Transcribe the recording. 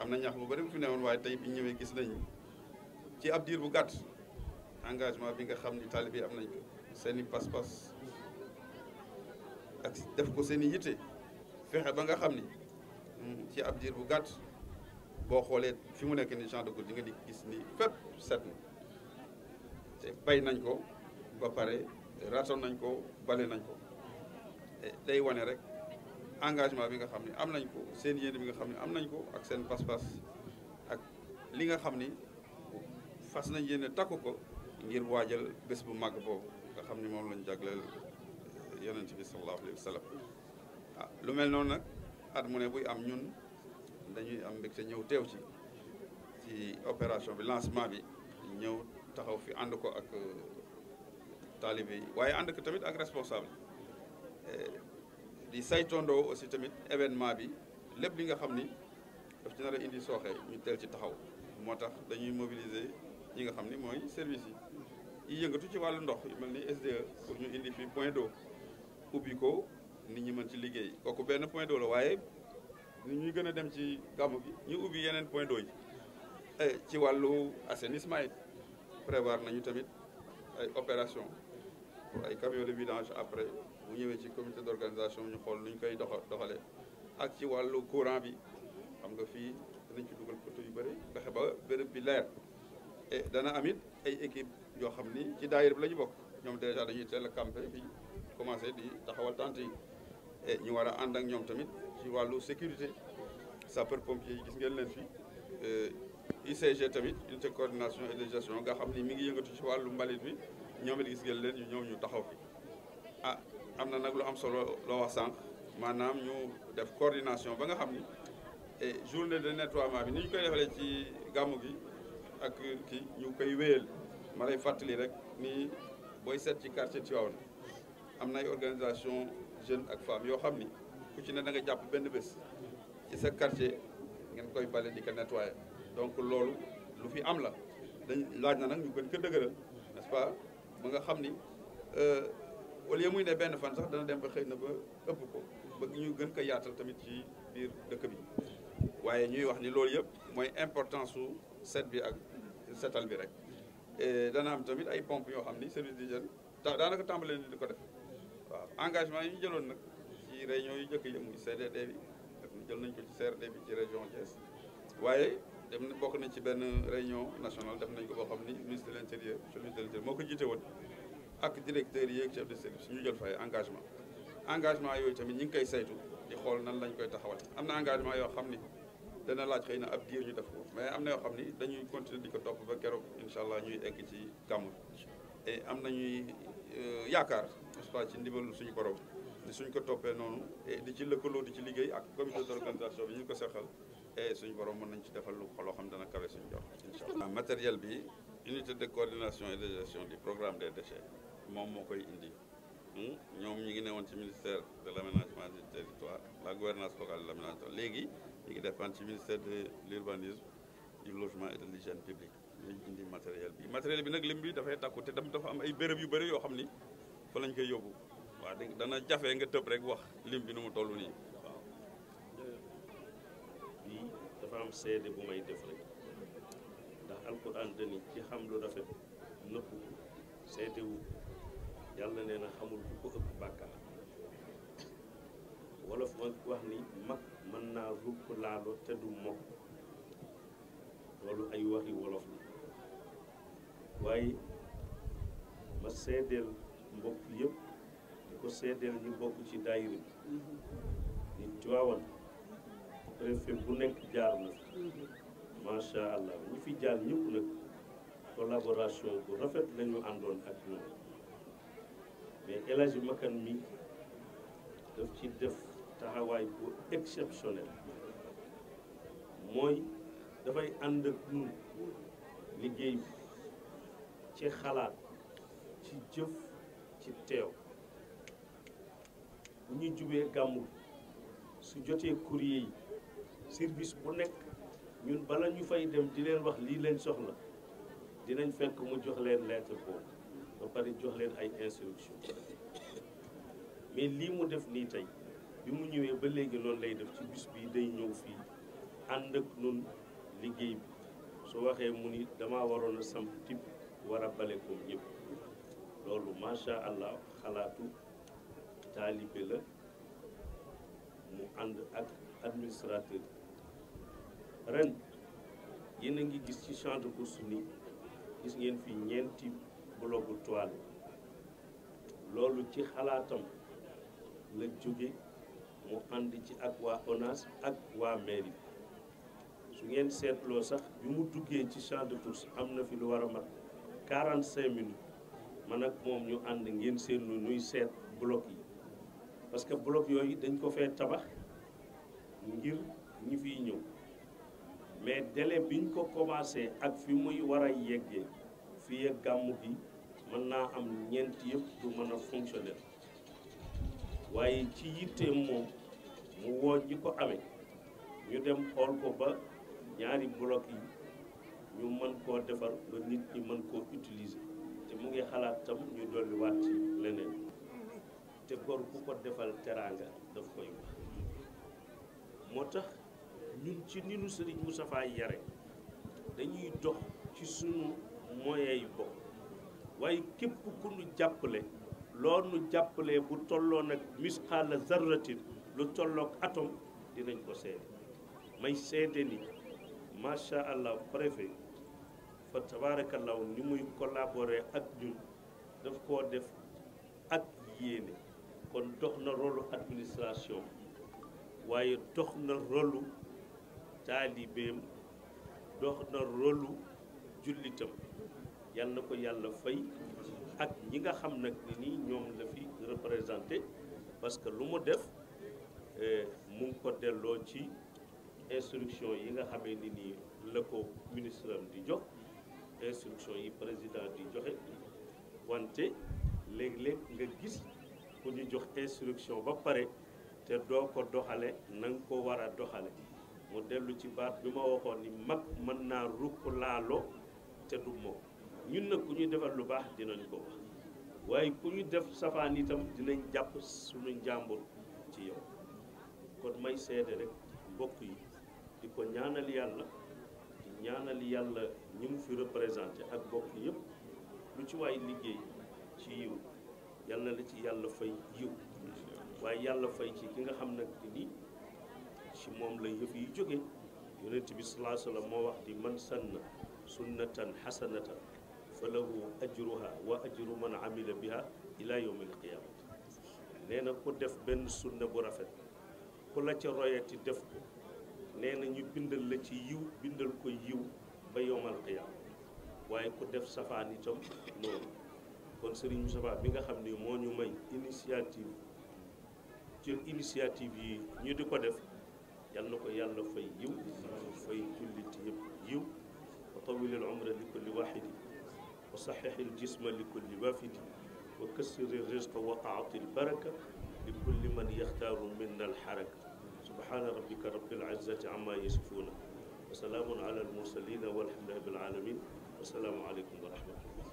am na ñax bu bëri bu fi newoon waaye tey bi ñëwee gis nañ ci ab diir bu gàtt engagement bi nga xam ni taalibe yi am nañ ko seen i pas ak def ko seeni i yitte fexe ba nga xam ni mm, ci ab diir bu gàtt boo xoolee fi mu nekk ni Champ de Courses di nga di gis ni fépp set na te bay nañ ko ba pare ratoon nañ ko bale nañ ko day wane rek engagement bi nga xam ne am nañ ko seen yéene bi nga xam ne am nañ ko ak seen pas-pas ak li nga xam ni fas nañ yéene takku ko ngir waajal bés bu màgg boobu nga xam ni moom lañ jagleel yonent bi sallallahu alayhi wa sallam ah lu mel noonu nag at mu ne buy am ñun dañuy am mbégte ñëw teew ci si opération bi lancement bi ñëw taxaw fi ànd ko ak euh, taalibe yi waaye ànd ko tamit ak responsable eh, di saytondoo aussi tamit événement bi lépp li nga xam ni daf ci nar a indi sooxe ñu teel ci taxaw moo tax dañuy mobiliser ñi nga xam ni mooy service yi yi yëngatu ci wàllu ndox yu mel ni SDE pour ñu indi fi point d'eau ubbi ko nit ñi mën ci liggéey kooku benn point d'eau la waaye ni ñuy gën a dem ci gàmmu bi ñu ubbi yeneen point d'eau yi e, ci wàllu assainissement yi prévoir nañu tamit ay opération pour ay camions de vidange après bu ñëwee ci comité d'organisation ñu xool nu ñu koy doxa doxalee ak ci wàllu courant bi xam nga fii danañ ci dugal poto yu bëri fexe ba béréb bi leer et dana amit ay équipe yoo xam ni ci daayir bi la ñu bokk ñoom dèjà dañuy teel a campé bi commencé di taxawal tente yi ñu war a ànd ak ñoom tamit ci wàllu sécurité sapeur pompier yi gis ngeen leen fi UCG euh, tamit unité coordination et de gestion nga xam ni mi ngi yëngatu ci wàllu mbalit bi ñoom it gis ngeen leen ñu taxaw fi ah am na nag lu am solo loo wax sànq maanaam ñu def coordination ba nga xam ni et journée de nettoiement bi ni ñu koy defalee ci gàmmu gi ak kii ñu koy wéyal ma lay fàttali rek nii booy seet ci quartier Tivaouane am na ay organisation jeunes ak femmes yoo xam ni ku ci ne da jàpp benn bés ci sa quartier ngeen koy bale di ko nettoyer donc loolu lu fi am la dañ laaj na nag ñu gën ko dëgëral nest ba nga xam ni euh, au lieu muy ne benn fan sax dana dem ba xëy na ba ëpp ko bëgg ñu gën ko yaatal tamit ci biir dëkk bi waaye ñuy wax ni loolu yëpp mooy importance su set bi ak setal bi rek dana am tamit ay pompe yoo xam ni service d'hygiène tax daanaka tàmbale ni di ko def waaw engagement yi ñu jëloon nag ci réunion yi njëkk yi muy CDD bi ak jël nañ ko ci CRD bi ci région Thiès waaye dem na bokk nañ ci benn réunion nationale def nañ ko boo xam ni ministre woon ak directeurs yi chef de service ñu jël fa engagement engagement yooyu tamit ñi ngi koy saytu di xool nan lañ koy taxawal am na engagement yoo xam ni dana laaj xëy na ab diir ñu def ko mais am na yoo xam dañuy continuer di ko topp ba keroog incha allah ñuy egg ci kamu am na ñuy euh, yaakaar n'est-ce pas ci ndimbalu suñu borom ni suñ ko toppee noonu et di ci lëkkaloo di ci liggéey ak comité d'organisation bi ñu ko seqal suñu borom mën nañ ci defal lu loo xam dana kawe suñu jox incha allah matériel bi unité de coordination et de programme des déchets moom moo koy indi ñoom ñu ngi newoon ci ministère de l' aménagement du territoire la gouvernance locale de l' aménagement léegi ñu ngi dépendre ci ministère de l' urbanisme du logement et de l' indi matériel bi matériel bi nag lim bi dafay takku te tam dafa am ay béréb yu bëri yoo xam ni fa lañ koy yóbbu waaw dana jafe nga tëb rek wax lim bi nu mu toll nii waaw. bii dafa am seede bu may def rek ndax alquran dani ci xam lu rafet nëpp yàlla nee na amul ku ko ëpp bàkkaar wolof ma wax ni mag mën naa rupp laalo te du mokk loolu ay waxi wolof la waaye ma seedeel mbokk yëpp di ko seedeel ñu bokk ci daayira bi ñu Tiwaawan préfet bu nekk jaar na macha allah ñu fi jaar ñëpp nag collaboration bu rafet lañu àndoon ak ñoom mais El Hadji Makan mi def ci def taxawaay bu exceptionnel mooy dafay ànd ak ñun liggéey bi ci xalaat ci jëf ci teew bu ñu jubee gàmmul su jotee courrier yi service bu nekk ñun bala ñu fay dem di leen wax lii leen soxla dinañ fekk mu jox leen lettre boobu ba pare jox leen ay instruction mais lii mu def nii tey bi mu ñëwee ba léegi loolu lay def ci bis bi day ñëw fii ànd ak nun liggéey bi su waxee mu ni dama waroon a samp tib war a ko ñëpp loolu macha allah xalaatu taalibe la mu ànd ak administrateur ren yéen a ngi gis ci champ de ni gis ngeen fi ñeenti gloobu toile loolu ci xalaatam la jóge mu ànd ci ak waa ONAS ak waa mairie su ngeen seetloo sax bi mu duggee ci champ de course am na fi lu war a mat 45 minutes man ak moom ñu ànd ngeen seetlu nuy seet bloc yi parce que bloc yooyu dañ ko fee tabax ngir ñi fiy ñëw mais délai biñ ko commencé ak fi muy war a yeggee fii gàmmu gi mën naa am ñeent yëpp du mën a fonctionner waaye ci yitteem moom mu woo ñi ko amee ñu dem xool ko ba ñaari bloc yi ñu mën koo defar ba nit ñi mën koo utiliser te mu ngi xalaat tam ñu dolli waat ci leneen te gor ku ko defal teraanga daf koy wax moo tax ñun ci ni nu Serigne safaa yare dañuy dox ci sunu moyens yi bopp waaye képp ku nu jàppale loo nu jàppalee bu tolloo nag misqaala zarratin lu tolloog atom dinañ ko seede may seede ni macha allah préfet fa tabarakallahu ni muy collaborer ak ñun daf koo def ak yéene kon dox na rôlu administration waaye dox na rôlu taalibeem dox na rôlu jullitam yal na ko yàlla fay ak ñi nga xam nag ni ñoom la fi représenté parce que lu mu def eh, mu ngi ko delloo ci instruction yi nga xamee ni nii la ko ministre am di jox instruction yi président di joxe wante léeg-léeg nga gis ku ñu jox instruction ba pare te doo ko doxale na nga ko war a doxale mu dellu ci baat bi ma waxoon ni mag mën naa rukk laalo te du moom ñun nag ku ñu defar lu baax dinañ ko wax waaye ku ñu def safaan itam dinañ jàpp suñu njàmbur ci yow kon may seede rek mbokk yi di ko ñaanal yàlla di ñaanal ñi mu fi représenté ak mbokk yëpp lu ci waay liggéey ci yiw yal na la ci yàlla fay yiw waaye yàlla fay ci ki nga xam nag ni ci moom la yëf yi jóge yonent bi salaa moo wax di man sanna sunnatan hasanatan falahu ajruha wa ajru man amila biha ila yawmil qiyamati nee na ku def benn sunna bu rafet ku la ca royati def ko nee ñu bindal la ci yiw bindal ko yiw ba yawmal qiyama waaye ku def safaan itam noonu kon Serigne Moustapha bi nga xam ni moo ñu may initiative jël initiative yi ñu di ko def yal na ko yàlla fay yiw fay jullit yiw wa tawilil umra li kulli wahidi صحح الجسم لكل وافد وكسر الرزق وأعط البركة لكل من يختار منا الحركة سبحان ربك رب العزة عما يصفون وسلام على المرسلين والحمد لله بالعالمين والسلام عليكم ورحمة الله